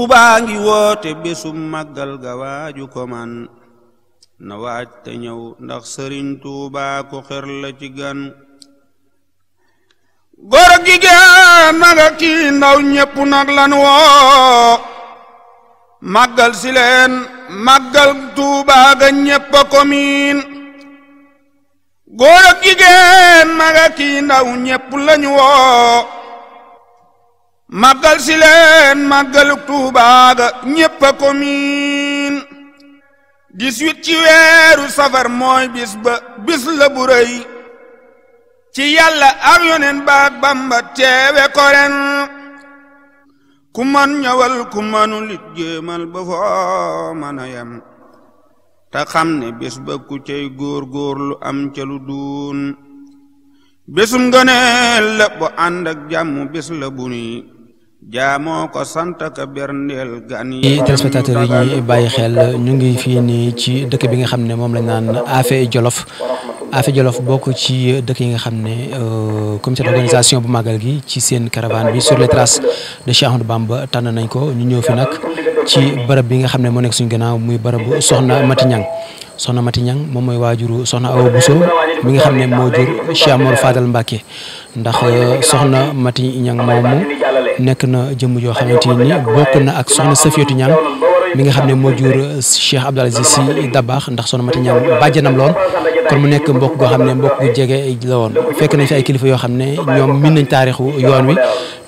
tuubaa ngi wote besum magal gawaju ko man na waaj te ñew ndax serigne tuubaa ko xer la ci gan gor gi gee nga ki ndaw ñepp nak lan wo magal silen magal màggal ga ñepp ko min gor gi gee nga ki ndaw ñepp lañ wo màggal si leen màggaluk Tuubaa ko miin dix-huit ci weeru safar mooy bis ba bis ci yàlla ak yoneen baak Bamba teewe ko ku man ñëwal ku manu lit ba foo mën a xam ne bis ku cey góor-góorlu am ca lu duun bésum ngëneel la bu ànd ak jàmm bés la bu nii jaamoo ko sant ka berndeel gan yi yi ñuy bàyyi xel ñu ngi fii nii ci dëkk bi nga xam ne moom lañ naan Affe Jolof Affe Jolof bokk ci dëkk yi nga xam ne euh, comité d'organisation bu màggal gi ci seen caravane bi sur les traces de Cheikh Ahmadou Bamba tànn nañ ko ñu ñëw fi nag ci barab bi nga xam ne moo nekk suñu gannaaw muy barabu soxna Mati Ñang soxna Mati Ñang moom mooy waajuru soxna Awa Bousso mi nga xam ne moo jur Cheikh Amadou Fadal ndax euh, soxna Mati Ñang moomu nekk na jëmm joo xamante ni bokk na ak soxna Safiyatu Ñang mi nga xam ne moo jur euh, Cheikh Abdoul Aziz Sy Dabakh ndax soxna Mati Ñang bàjjanam lool kon mu nekk mbokk goo xam ne mbokk gu jege la woon fekk nañ fi ay kilifa yoo xam ne ñoom min nañ taarixu yoon wi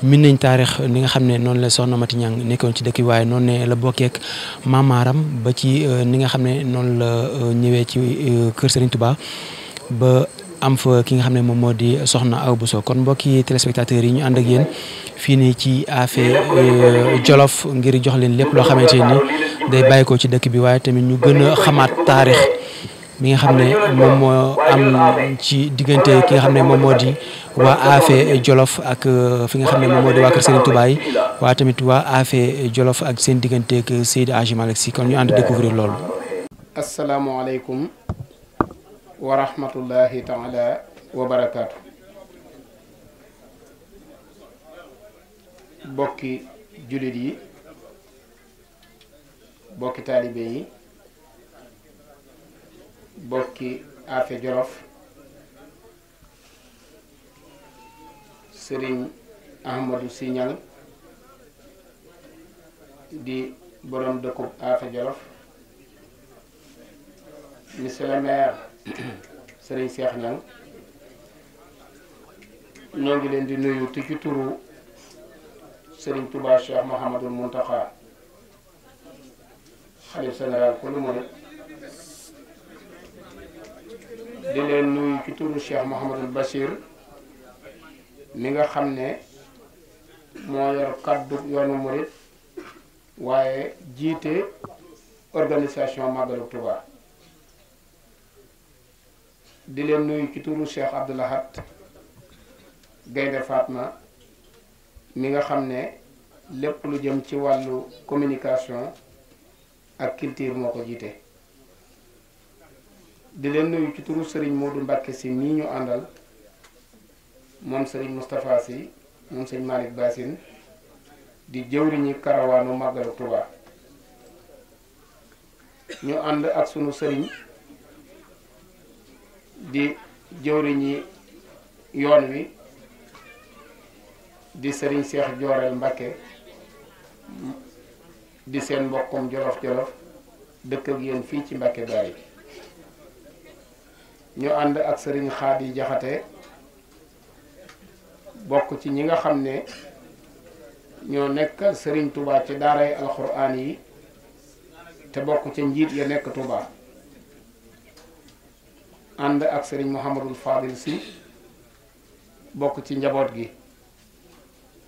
min nañ taarix ni nga xam ne noonu la soxna Mati Ñang nekkoon ci dëkk bi waaye noonu ne la bokkeek maamaaram ba ci euh, ni nga xam ne noonu la euh, ñëwee ci euh, kër Serigne Touba ba am fa ki nga xam ne moom moo di soxna Awa Bousso kon mbokki téléspectateurs yi ñu ànd ak yéen fii nii ci affaire Jolof ngir jox leen lépp loo xamante ni day bàyyi ko ci dëkk bi waaye tamit ñu gën xamaat taarix mi nga xam ne moom moo am ci diggante ki nga xam ne moom moo di waa Afé Jolof ak euh, fi nga xam ne moom moo di waa kër Serigne Touba waa tamit waa Afé Jolof ak seen diggante ak Seydi Hadji Malick Sy kon ñu ànd découvrir loolu. asalaamualeykum wa rahmatullahi taala wa bokki jullit yi bokki taalibe yi. bokki Afe Jolof Sëriñ Ahmadou Signal di borom dëkkub Afe Jolof monsieur le maire Sëriñ Cheikh Niang ñoo ngi leen di nuyu te ci turu Sëriñ Touba Cheikh Mouhamadul Mountakha xalif général ku lu mu di leen nuyu ci turu Cheikh Mouhamadul Bachir mi nga xam ne moo yor kaddu yoonu murit waaye jiite organisation Magalu Touba di leen nuyu ci turu Cheikh Abdou Lahad Gaynde Fatma mi nga xam ne lépp lu jëm ci wàllu communication ak culture moo ko jiite di leen nuyu ci turu Serigne Modou Mbacke si mii ñu àndal moom sëriñ mustafa si moom Serigne Malick Bassine di jëwriñu karawaanu màggalu Touba ñu ànd ak sunu sëriñ di jëwriñi yoon wi di sëriñ Cheikh Jooreel Mbacke di seen mbokkum jolof jolof dëkk ak fii ci Mbacke yi ñu ànd ak sëriñ Xaadi Jaxate bokk ci ñi nga xam ne ñoo nekk sëriñ tubaa ci daaray alxuraan yi te bokk ca njiit ya nekk Touba ànd ak sëriñ Mouhamadul Fadil si bokk ci njaboot gi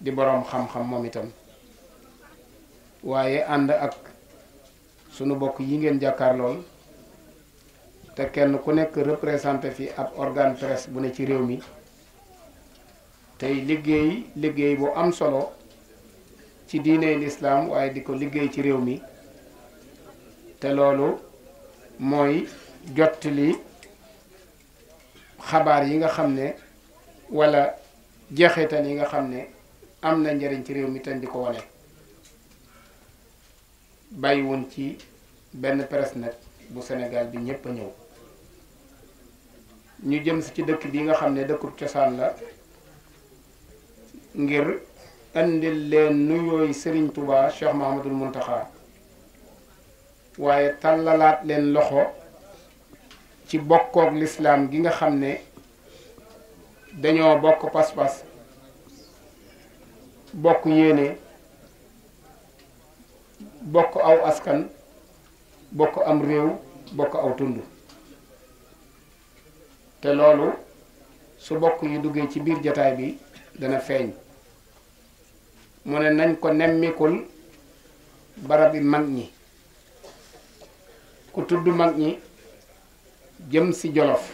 di boroom xam-xam moom itam waaye ànd ak sunu bokk yi ngeen jàkkaar te kenn ku nekk représenté fi ab organe presse bu ne ci réew mi tey liggéey liggéey bu am solo ci diine diiney lislaam waaye di ko liggéey ci réew mi te loolu mooy li xabaar yi nga xam ne walla jeexital yi nga xam ne am na njëriñ ci réew mi ten di ko wane bàyyiwoon ci benn presse nag bu senegal bi ñépp a ñëw ñu jëm si ci dëkk bi nga xam ne dëkkub cosaan la ngir indil leen nuyooy Serigne Touba Cheikh Mahamadul Muntaxa waaye tàllalaat leen loxo ci bokkook lislaam gi nga xam ne dañoo bokk pas-pas bokk yéene bokk aw askan bokk am réew bokk aw tund te loolu su bokk yu duggee ci biir jataay bi dana feeñ mu ne nañ ko nemmikul barabi mag ñi ku tudd mag ñi jëm si Jolof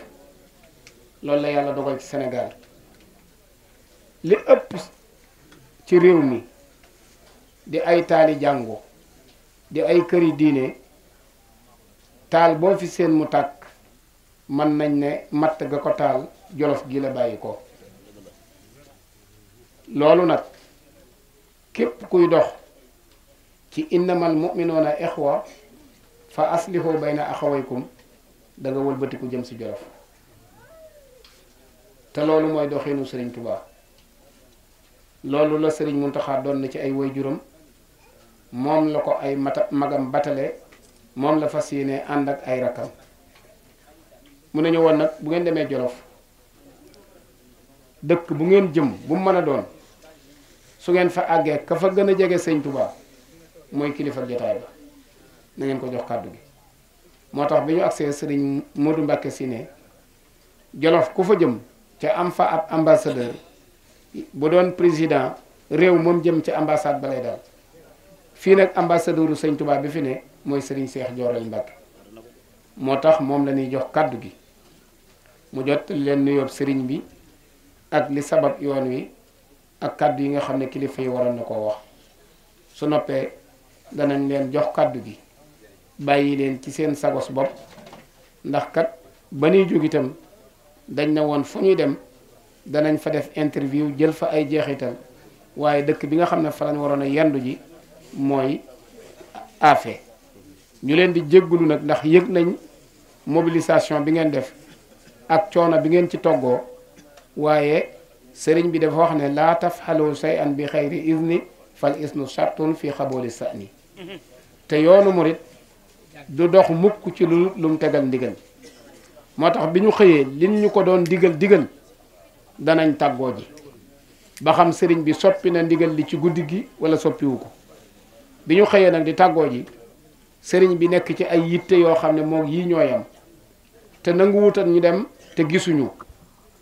loolu la yàlla dogal ci senegaal li ëpp ci réew mi di ay taali jàngu di ay këri diine taal boo fi seen mu tàkk mën nañ ne matt ga ko taal jolof gi la bàyyi ko loolu nag képp kuy dox ci innamal mu'minuuna ixwa fa aslihu bayna axawaykum da wëlbatiku jëm si jolof te loolu mooy doxinu sëriñ Tuubaa loolu la sëriñ mun doon na ci ay waajuram moom la ko ay mata magam batale moom la fas yéene ànd ak ay rakkam mu ne ñu woon bu ngeen démé Jolof dekk bu ngeen jëm bu mu mëna doon su ngeen fa aggé ka fa gëna a jege sëñ Touba mooy kilifa jotaay ba na ngeen ko jox kaddu gi motax biñu accé ñu Modou mbacké siné jorof Jolof ku fa jëm ca am fa ab ambassadeur bu doon président réew mom jëm ci ambassade balay dal fi nak ambassadeur ambassadeuru sëñ Touba bi fi né moy Cheikh mbacké motax mom lañuy jox kaddu gi mu jot len nuyo serigne bi ak li sabab yoon wi ak kàddu yi nga xamne kilifa yi waroon nako wax su noppee danañ len jox kàddu gi bàyyi len ci sen sagos bopp ndax kat ba nuy jóg itam dañ na won fu ñuy dem danañ fa def interview jël fa ay jeexital waye dekk bi nga xamne fa lañ warona yandu ji moy Afé ñu len di jéggulu nak ndax yegg nañ mobilisation bi ngeen def ak coono bi ngeen ci toggoo waaye sëriñ bi dafa wax ne laa tafxalu shay'an bi xayri izni fal isnu shartun fi xabooli sa'ni te yoonu murit du dox mukk ci lu lu mu tegal ndigal moo tax bi ñu xëyee liñ ñu ko doon digal digal danañ tàggoo ji ba xam sëriñ bi soppi na ndigal li ci guddi gi wala soppiwu ko bi ñu xëyee nag di tàggoo ji sëriñ bi nekk ci ay yitte yoo xam ne moom yii ñooyam te nanguwutal ñu dem te gisuñu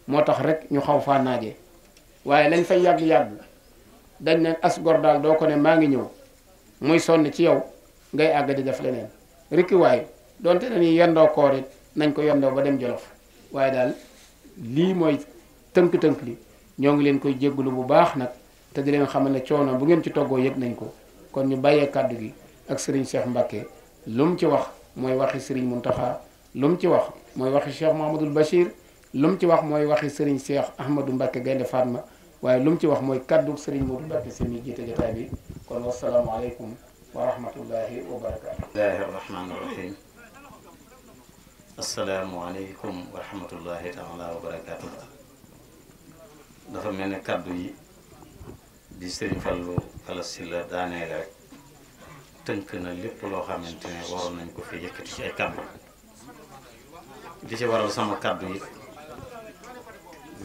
moo tax rekk ñu xaw faa naajee waaye lañ fay yàgg-yàgg dañ ne as gor daal doo ko ne maa ngi ñëw muy sonn ci yow ngay àgg di def leneen rikki waaye donte dañuy yendoo koor it nañ ko yendoo ba dem jolof waaye daal lii mooy tënk-tënk li ñoo ngi leen koy jéggulu bu baax nag te di leen xamal ne coono bu ngeen ci toggoo yëg nañ ko kon ñu bàyyee kàddu gi ak sëriñ Cheikh Mbacke lu ci wax mooy waxi sëriñ Mountakha lu mu ci wax mooy waxi Cheikh Mahamadul bashir lu mu ci wax mooy waxi Serigne Cheikh Ahmadou Mbacke Gaynde Fatma waaye lu mu ci wax mooy kaddu Serigne Modou Mbacke si mi jiite jotaay bi kon wasalaamualeykum wa rahmatullahi wa barakaatu. bismillahi rahmaani rahim asalaamualeykum wa rahmatullahi taala wa barakaatu. dafa mel ne kaddu yi di Serigne Fallou Alla Sylla daaneel rek tënk na lépp loo xamante ne nañ ko fi yëkkati ci ay kaddu. li ci waral sama kàddu yi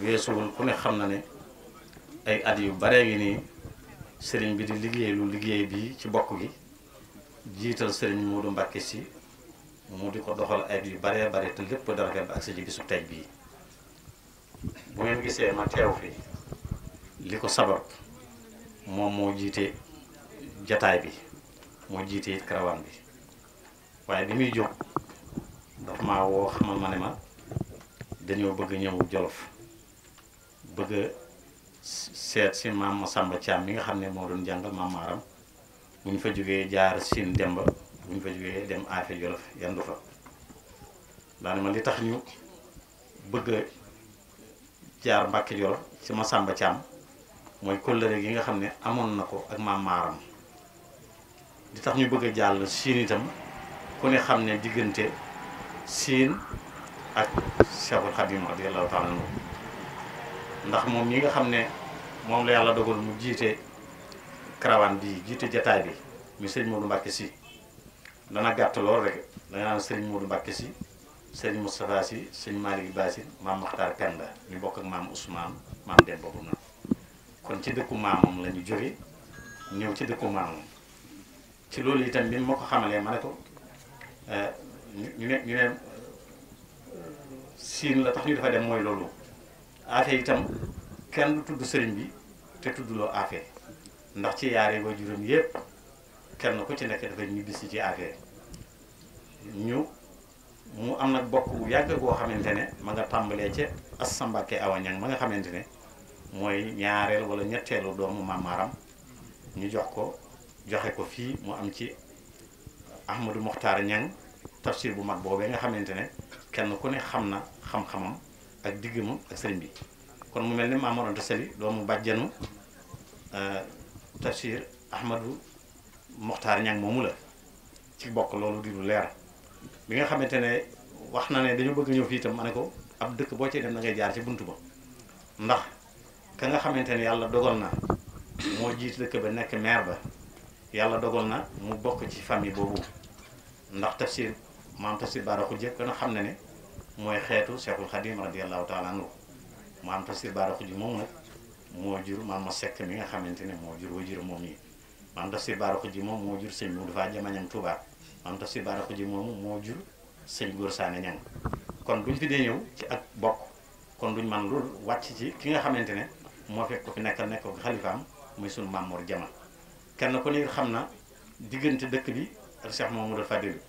weesuwul ku ne xam na ne ay at yu baree ngi nii sëriñ bi di liggéey lu liggéey bi ci bokk gi jiital sëriñ Modou Mbacke si mu di ko doxal ay yu baree bare te lépp dara fee ba agsi ci bisu tey bii bu ngeen gisee ma teew fi li ko sabab moom moo jiite jataay bi moo jiite it karawaan bi waaye bi muy jóg daf maa woo xamal ma ne ma dañoo bëgg ñëw Jolof bëgg a seet si maam Masamba Thiam mi nga xam ne moo doon jàng maam Maaram bu ñu fa jógee jaar Sine Demba bu ñu fa jógee dem Affe Jolof yandu fa daane ma li tax ñu bëgg a jaar Mbàkke Jolof ci Masamba Thiam mooy kóllëre gi nga xam ne amoon na ko ak maam Maaram li tax ñu bëgg a jàll Sine itam ku ne xam ne diggante siin ak Cheikhul Khadim radiyallahu taala anhu ndax moom yi nga xam ne moom la yàlla dogal mu jiite karawaan bi jiite jataay bi mu sëriñ Modou Mbacke si dana gàtt lool rek danga naan sëriñ Modou Mbacke si sëriñ Moustapha si sëriñ Malick Ba si maam Makhtar Penda ñu bokk ak maam Ousmane maam den boobu na kon ci dëkku maamam la ñu jóge ci dëkku maamam ci loolu itam bi ma ko xamalee ma ne ko euh, ñu ne ñu ne siin la tax ñu dafa dem mooy loolu aafe itam kenn tudd sëriñ bi te tuddloo aafe ndax ci yaare ba juróom yépp kenn ku ci nekk dafa ñibbi si ci aafe ñu mu am nag bokk bu yàgg boo xamante ne ma nga tàmbalee ca Assa Mbàkke Awa Ñang ma nga xamante ne mooy ñaareel walla ñetteelu doomu maamaaram ñu jox ko joxe ko fii mu am ci Ahmadou Mokhtar Ñang tafsir bu mag boobee nga xamante ne kenn ku ne xam na xam-xamam ak diggam ak sëriñ bi kon mu mel ni Maam Mor Anta Sali doomu bàjjanu euh, tafsir Ahmadou Mokhtar Niang moomu la ci bokk loolu di lu leer bi nga xamante ne wax na ne dañu bëgg ñëw fii itam ma ne ko ab dëkk boo ci dem da jaar ci buntu ba ndax ka nga xamante ne yàlla dogoon na moo jiit dëkk ba nekk meer ba yàlla dogoon na mu bokk ci famille boobu ndax tafsir maam Tafsir Baara Khoudia gën a xam ne ne mooy xeetu Cheikhul Khadim radiyallahu taala anhu maam Tafsir Baara Khoudia moom moo jur maam ma sekk nga xamante ne moo jur wa moom yi maam Tafsir Baara moom moo jur sëñ mu dafaa jamañam Touba maam Tafsir Baara Khoudia moomu moo jur sëñ Góor Saane kon buñ fi dee ñëw ci ak bokk kon duñ man loolu wàcc ci ki nga xamante ne moo fekk ko fi nekkal nekk ko xalifaam muy sunu maam Mor kenn ku ne xam na diggante dëkk bi ak Cheikh Mamadou Fadil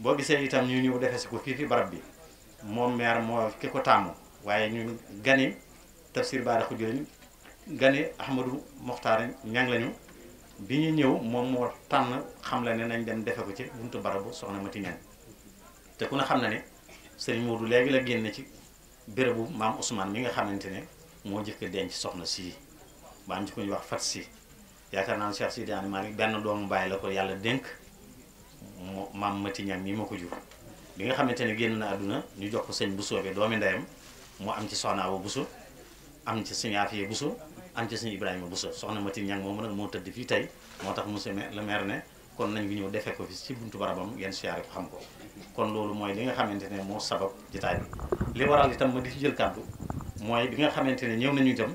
boo gisee itam ñu ñëw defee si ko fii fi barab bi moom meer moo ki ko tàmm waaye ñu gani tafsir baara xujjëriñ gani ahmadou moxtaar ñang lañu bi ñu ñëw moom moo tànn xam la ne nañ dem defe ko ci buntu barabu soxna mati ñang te ku ne xam na ne sëriñ Moodu léegi la génne ci bérébu maam Ousmane mi nga xamante ne moo njëkk denc soxna sii ba am ci ko wax fat si yaakaar naa ne Cheikh Sidi Ani Malick benn doomu bàyyi la ko yàlla dénk mo maam Mati Ñaŋ mii ma ko jur bi nga xamante ne génn na àdduna ñu jox ko sëñ Bousso bi doomi ndeyam mu am ci soxna Awa Bousso am ci sëñ Afiye Bousso am ci sëñ Ibrahima Bousso soxna Mati Ñaŋ moom nag moo tëdd fii tey moo tax monsieur le maire ne kon nañ ngi ñëw defee ko fi ci buntu barabam yenn siyaare ko xam ko kon loolu mooy li nga xamante ne moo sabab jotaay bi li waral itam ma di ci jël kàddu mooy bi nga xamante ne ñëw nañu itam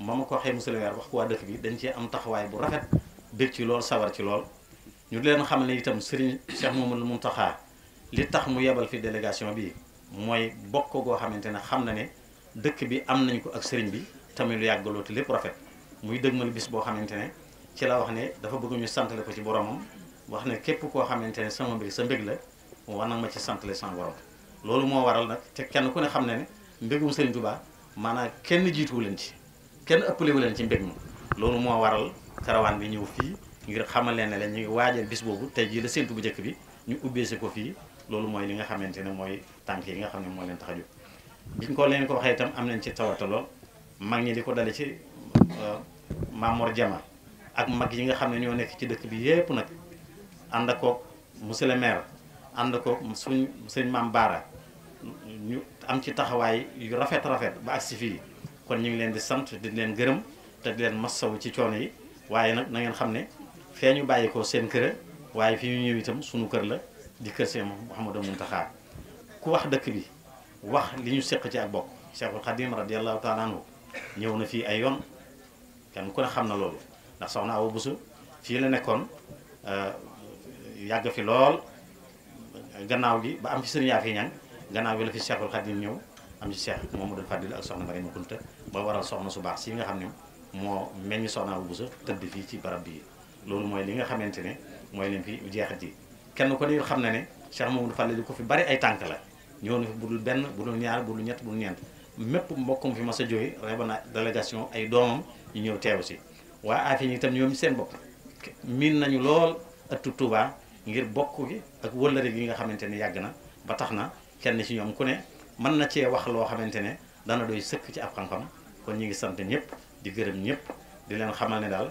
ma ma ko waxee monsieur le wax ko waa dëkk bi dañ cee am taxawaay bu rafet dëkk ci loo sawar ci lool ñu leen xam ne itam Serigne Cheikh Mamadou Mountakha li tax mu yebal fi délégation bii mooy bokk goo xamante ne xam na ne dëkk bi am nañ ko ak sëriñ bi tamit lu yàggaloo lépp rafet muy dëgmal bis boo xamante ne ci la wax ne dafa bëgguñu ñu santale ko ci boromam wax ne képp koo xamante ne sama mbég sa mbég la war na ma ci santale sama borom loolu moo waral nag te kenn ku ne xam ne ne mbégum Sëriñ Tuubaa maanaam kenn jiituwu leen ci kenn ëppalewu leen ci mbég ma loolu moo waral karawaan bi ñëw fii ngir xamal leen ne la ñu ngi waajal bis boobu te jii la séntu bu jëkk bi ñu ubbeese ko fii loolu mooy li nga xamante ne mooy tànk yi nga xam ne moo leen tax a jóg biñ ko leen ko waxee itam am nañ ci tawata lool mag ñi ko dale ci Jama euh, ak mag yi nga xam ne ñoo nekk ci dëkk bi yépp nag ànd akook monsieur le maire ànd akook suñ sëñ Maam ñu am ci taxawaay yu rafet rafet ba agsi fii kon ñu ngi leen di sant di leen gërëm te di leen massawu ci coono yi waaye nag na ngeen xam ne fee ñu bàyyi ko seen kër waaye fi ñu ñëw itam sunu kër la di kër seen Mouhamadou Mountakha ku wax dëkk bi wax li ñu seq ci ak bokk Cheikhul Khadim radiyallahu taala anhu ñëw na fii ay yoon kenn ku ne xam na loolu ndax soxna Awa Bousso fii la nekkoon euh, yàgg fi lool gannaaw gi ba am fi sëriñ Yaafi Ñang gannaaw gi la fi Cheikhul Khadim ñëw am ci Cheikh Mamadou Fadil ak soxna Mariama Kunta ba waral soxna su baax si nga xam ne moo meññ soxna Awa Bousso tëdd fii ci barab bii loolu mooy li nga xamante ne mooy leen fi jeexat yi kenn ko ne xam na ne Cheikh Mamadou Fallé ko fi bari ay tànk la ñëw na fi benn budul ñaar budul ñett budul ñeent mépp mbokkum fi mas a jóge reba na délégation ay doomam ñu ñëw teew si waa affaire yi itam seen bopp miin nañu lool ëttu Touba ngir bokk gi ak wëllëre gi nga xamante ne yàgg na ba tax na kenn ci ñoom ku ne mën na cee wax loo xamante ne dana dooy sëkk ci ab xam-xam kon ñu ngi sant ñëpp di gërëm ñëpp di leen xamal ne daal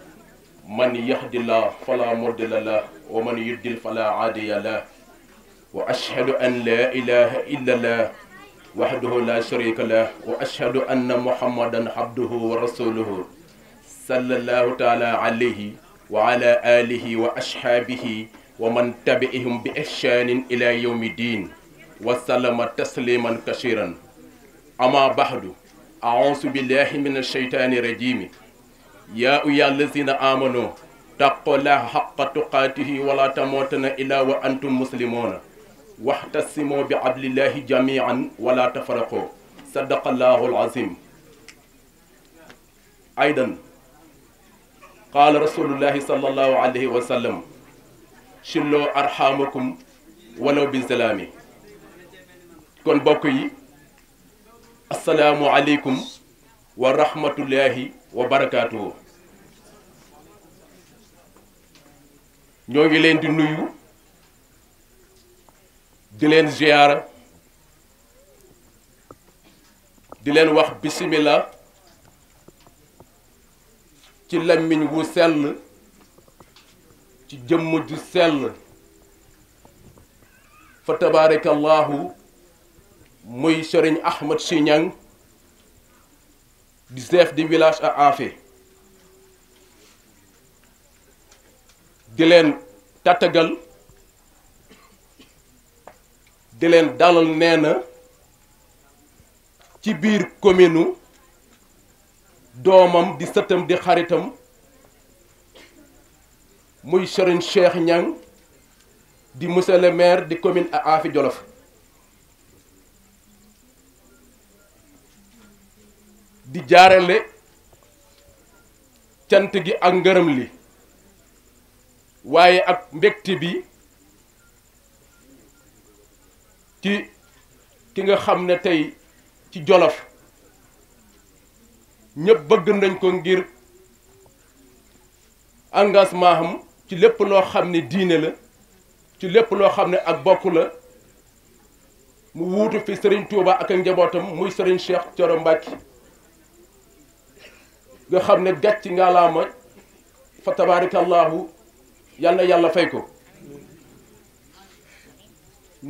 من يهد الله فلا مضل له ومن يضلل فلا عادي له واشهد ان لا اله الا الله وحده لا شريك له واشهد ان محمدا عبده ورسوله صلى الله تعالى عليه وعلى اله واصحابه ومن تبعهم باحسان الى يوم الدين وسلم تسليما كثيرا اما بعد اعوذ بالله من الشيطان الرجيم يا أيها الذين آمنوا تقوا الله حق تقاته ولا تموتن إلا وأنتم مسلمون واحتسموا بعدل الله جميعا ولا تفرقوا صدق الله العظيم أيضا قال رسول الله صلى الله عليه وسلم شلوا أرحامكم ولو بالزلام كن بقي السلام عليكم ورحمة الله wa barakaatu ñoo ngi leen di nuyu di leen ziyaara di leen wax bismillah ci làmmiñ wu sell ci jëmm ju sell fa tabaarakallahu muy sëriñ Ahmad Si du chef de village à Afé. di tatagal, tàttagal di leen dalal nee na ci biir commune doomam di sëtam di xaritam muy Serigne Cheikh Niang di monsieur le maire di commune à Afé Jolof di jaarale cant gi ak ngërëm li waaye ak mbégte bi ci ki nga xam ne tey ci jolof ñëpp bëgg nañ ko ngir engagement ci lépp loo xam ne diine la ci lépp loo xam ne ak bokk la mu wuutu fi Serigne Touba ak njabootam muy Serigne Cheikh coro Mbacké nga xam ne gàcc ngaalaama fa tabaarakallaahu yal na yàlla fay ko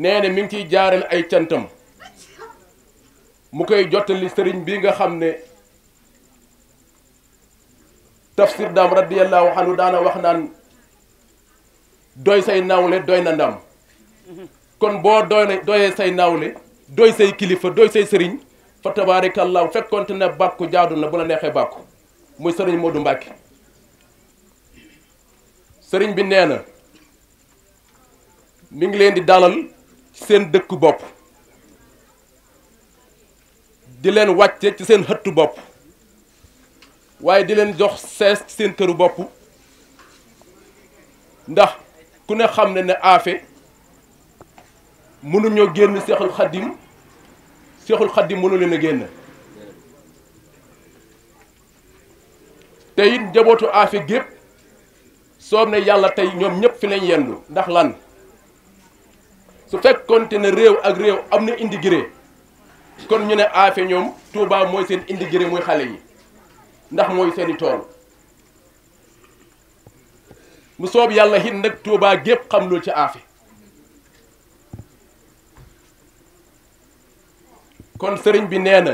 nee na mi ngi ciy jaaral ay cantam mu koy jottali sëriñ bi nga xam ne tafsir daam radiyallahu anhu daana wax naan doy say nawle doy na ndam kon boo doy doyee say nawle doy say kilifa doy say sëriñ fa tabaarakallaahu fekkonte ne bàkku jaadu na bu la neexee bàkku muy sëriñ Modou Mbacke sëriñ bi nee na mu ngi leen di dalal ci seen dëkku bopp di leen wàcce ci seen xëttu bopp waaye di leen jox sees ci seen këru bopp ndax ku ne xam ne ne aafe mënuñoo génn seexul xaddim seexul xaddim mënu leen a génn te it njabootu aafe gépp soob ne yàlla tey ñoom ñëpp fi lañ yendu ndax lan su fekkonte ne réew ak réew am na indigré kon ñu ne aafe ñoom Touba mooy seen indigré muy xale yi ndax mooy seeni tool mu soob yàlla it nag Touba gépp xam loolu ci aafe kon sëriñ bi nee na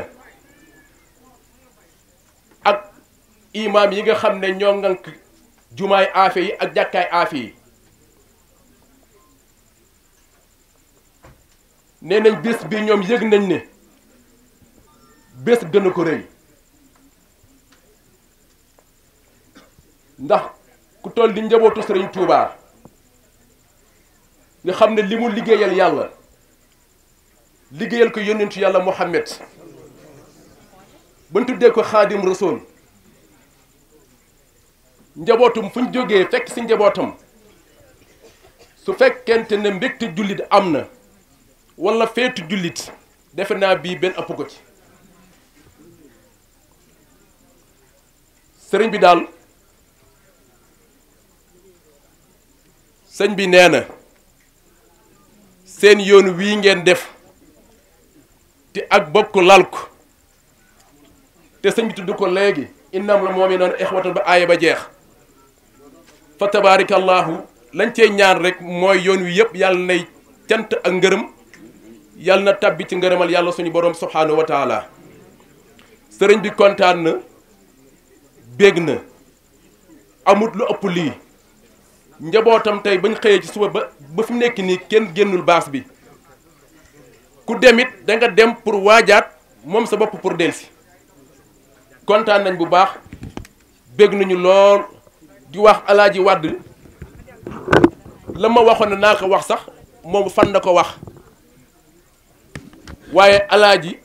imaam yi nga xam ne ñoo ngank jumaay aafe yi ak jàkkaay aafe yi nee nañ bés bi ñoom yëg nañ ne bés gën a ko rëy ndax ku toll di njabootu sëriñ Touba nga xam ne li mu liggéeyal yàlla liggéeyal ko yónnentu yàlla Muhammad ba tuddee ko xaadim rasool njabootum fu ñu jógee fekk si njabootam su fekkente ne mbégte jullit am na walla feetu jullit defe naa bii benn ëpp ko ci sëriñ bi daal sëñ bi nee na seen yoon wii ngeen def te ak bokk lal ko te sëñ bi tudd ko léegi innam la moom yi noonu exwatan ba aaya ba jeex fa tabaarakallaahu lañ cee ñaan rek mooy yoon wi yëpp yàlla nay cant ak ngërëm yàlla na tabbi ci ngërëmal yàlla suñu borom subhaanahu wa taala sëriñ bi kontaan na bég na amut lu ëpp lii njabootam tey bañ xëyee ci suba ba ba fi nekk nii kenn génnul baas bi ku demit da nga dem pour waajaat moom sa bopp pour delsi kontaan nañ bu baax bég nañu lool di wax alaaji wàdd la ma waxoon ne naa ko wax sax moom fan na ko wax waaye alaaji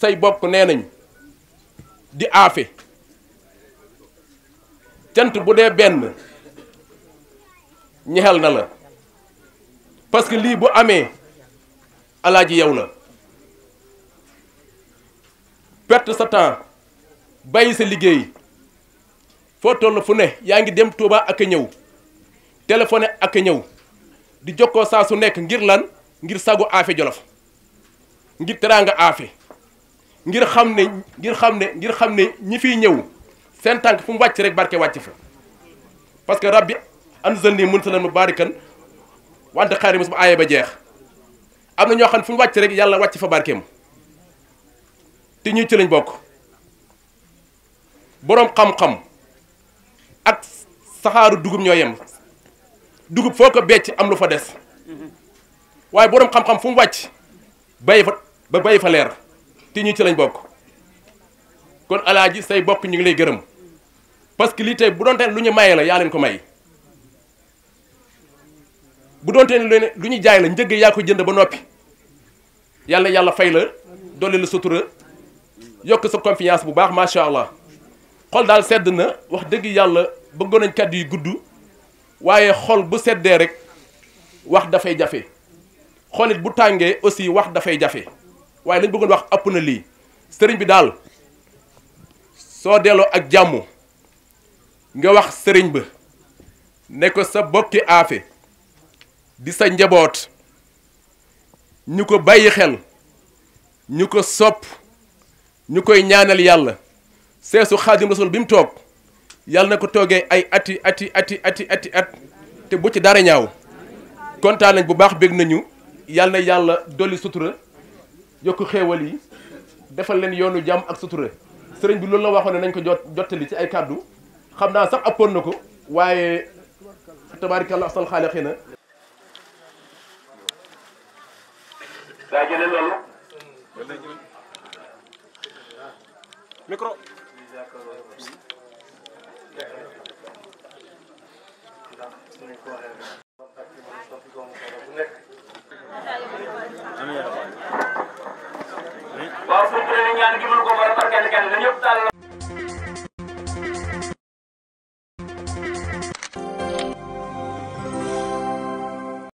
say bopp nee nañ di aafe cant bu dee benn ñexel na la parce que lii bu amee alaaji yow la perte sa temps bàyyi sa liggéey foo toll fu ne yaa ngi dem Touba ak ñëw téléphoné ak ñëw di jox ko saa su nekk ngir lan ngir sagu aafe jolof ngir teraanga aafe ngir xam ne ngir xam ne ngir xam ne ñi fiy ñëw seen tànk fu mu wàcc rek barke wàcc fa parce que rabbi anzalni munzalan mubarakan wa anta xayru muslim aaye ba jeex am na ñoo xam ne fu mu wàcc rek yàlla wàcc fa barkeem te ñuy ci bokk boroom xam-xam. ak saxaaru dugub ñoo yem dugub foo ko becc am lu fa des waaye boroom xam-xam fu mu wàcc bay fa ba bay fa leer te ñu ci lañ bokk kon alaaji say bokk ñu ngi lay gërëm parce que lii tey bu doonte lu ñu maye la yaa leen ko may bu doonte ne lu ñu jaay la njëgg yaa ko jënd ba noppi yàlla yàlla fay la dolli la sutura yokk sa confiance bu baax macha allah. xol daal sedd na wax dëgg yàlla bëggoon nañ kàddu yi gudd waaye xol bu seddee rek wax dafay jafe xolit bu tàngee aussi wax dafay jafe waaye lañ bëggoon wax app na lii sëriñ bi daal soo delloo ak jàmm nga wax sëriñ ba ne ko sa bokki aafe di sa njaboot ñu ko bàyyi xel ñu ko sopp ñu koy ñaanal yàlla seesu xaadim sol bi mu toog yàlla na ko toogee ay ati ati ati ati ati at te bu ci dara ñaaw kontaan nañ bu baax bég nañu yàlla na yàlla dolli sutura yokk xéewal yi defal leen yoonu jàmm ak sutura sëriñ bi loolu la waxoon ne nañ ko jot jottali ci ay kàddu xam naa sax appoon na ko waaye tabaarikàlla asal xaale xëy na. daa waaw suñu tënee ñaan gi mën ko faral par kenn kenn ñëpp daal